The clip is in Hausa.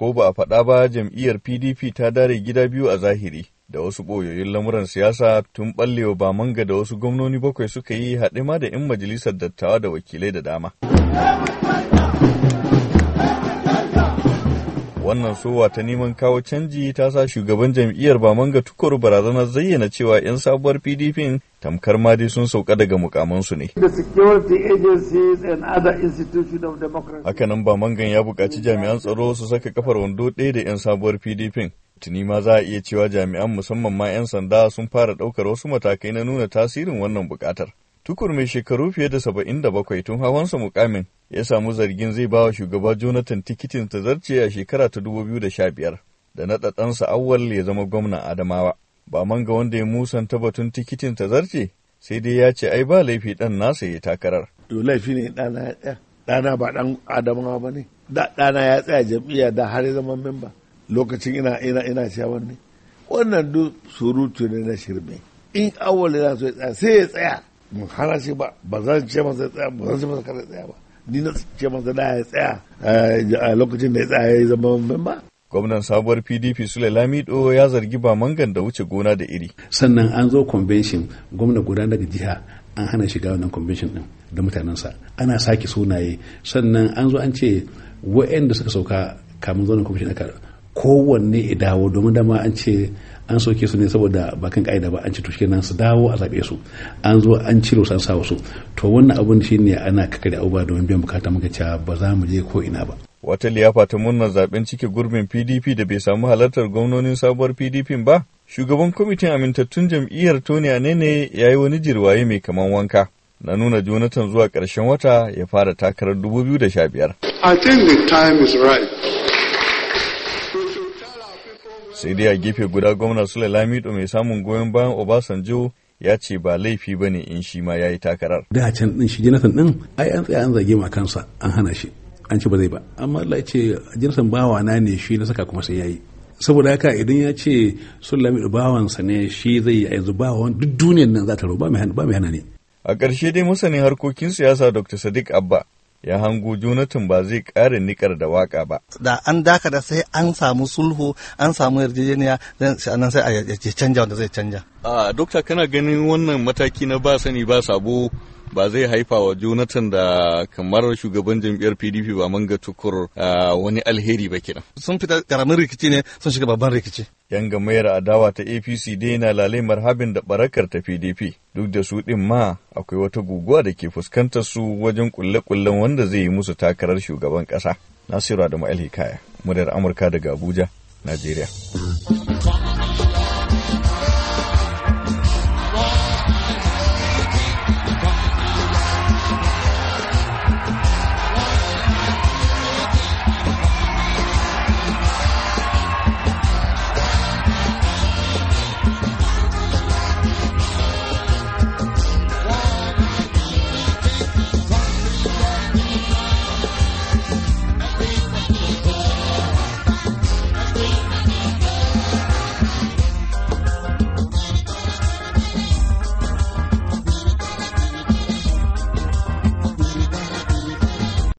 Ko ba a faɗa ba jam'iyyar PDP ta dare gida biyu a zahiri da wasu ɓoyoyin lamuran siyasa tun ɓallewa ba manga da wasu gwamnoni bakwai suka yi haɗe ma da 'yan majalisar dattawa da wakilai da dama. Wannan sowa ta neman kawo canji ta sa shugaban jam'iyyar Bamanga Tukuru barazanar zayyana cewa 'yan sabuwar PDP tamkar ma dai sun sauka daga mukamansu ne. Hakanan Bamangan ya buƙaci jami'an tsaro su saka kafar wando ɗaya da 'yan sabuwar PDP. Tuni ma za a iya cewa jami'an musamman ma 'yan sanda sun fara ɗaukar wasu matakai na nuna tasirin wannan buƙatar. Tukur mai shekaru fiye da saba'in da bakwai tun hawansa mukamin ya samu zargin zai bawa shugaba Jonathan tikitin ta zarce a shekara ta 2015 da sha biyar, da naɗa ɗansa awwal ya zama gwamna Adamawa. Ba man wanda ya musanta batun tikitin ta zarce? sai dai ya ce ai ba laifi ɗan nasa ya takarar. To laifi ne ɗana ya tsaya. Ɗana ba ɗan Adamawa ba ne. ɗana ya tsaya jam'iyya da har ya zama memba. Lokacin ina ina ina ciyawan wani. Wannan duk surutu ne na shirme. In awwal ya so ya tsaya sai ya tsaya. Mun hana shi ba ba zan ce masa ya tsaya ba zan ce masa kada ya tsaya ba. ni na ce masa da ya tsaya eh, a lokacin da ya tsaya ya zama memba gwamnan sabuwar pdp sule lamido ya zargi ba mangan da wuce gona da iri sannan an zo convention gwamna guda daga jiha an hana shiga wannan convention din da mutanensa ana sake sunaye sannan an zo an ce wa'anda suka sauka kamun zo na kowanne ya dawo domin dama an ce an soke su ne saboda bakan ka'ida ba an ce to kenan su dawo a zaɓe su an zo an cire su an sa wasu to wannan abun shi ne ana kakari abubuwa domin biyan bukata muka cewa ba za mu je ko ina ba. wata liyafa ta murnar zaben cike gurbin pdp da bai samu halartar gwamnonin sabuwar pdp ba shugaban kwamitin amintattun jam'iyyar tony anene ya yi wani jirwaye mai kaman wanka na nuna jonathan zuwa ƙarshen wata ya fara takarar 2015 i think the time is right Sai dai a gefe guda gwamna Sule Lamido mai samun goyon bayan Obasanjo ya ce ba laifi ba ne in shi ma ya yi takarar. Da can ɗin shi Jonathan ɗin ai an tsaya an zage ma kansa an hana shi an ce ba zai ba amma Allah ya ce Jonathan bawa na ne shi na saka kuma sai ya yi. saboda haka idan ya ce Lamido bawansa ne shi zai yi a yanzu bawan duk duniyar nan za ta roba mai hana ne a ƙarshe dai masanin harkokin siyasa dr sadiq abba ya hango Jonathan ba zai ƙara nikar da waka ba. Da an dakata sai an samu sulhu an samu yarjejeniya dan sai a canja wanda zai canja. Ah, dokta kana ganin wannan mataki na ba sani ba sabo ba zai haifa wa Jonathan da kamar shugaban jam'iyyar PDP ba manga tukur wani alheri ba kenan. Sun fita karamin rikici ne sun shiga babban rikici. Yan gamayar adawa ta APC dai na lalai marhabin da barakar ta PDP duk da su ɗin ma akwai wata guguwa da ke fuskantar su wajen kulle-kullen wanda zai yi musu takarar shugaban ƙasa. Nasiru Adamu Alhikaya, muryar Amurka daga Abuja, Najeriya.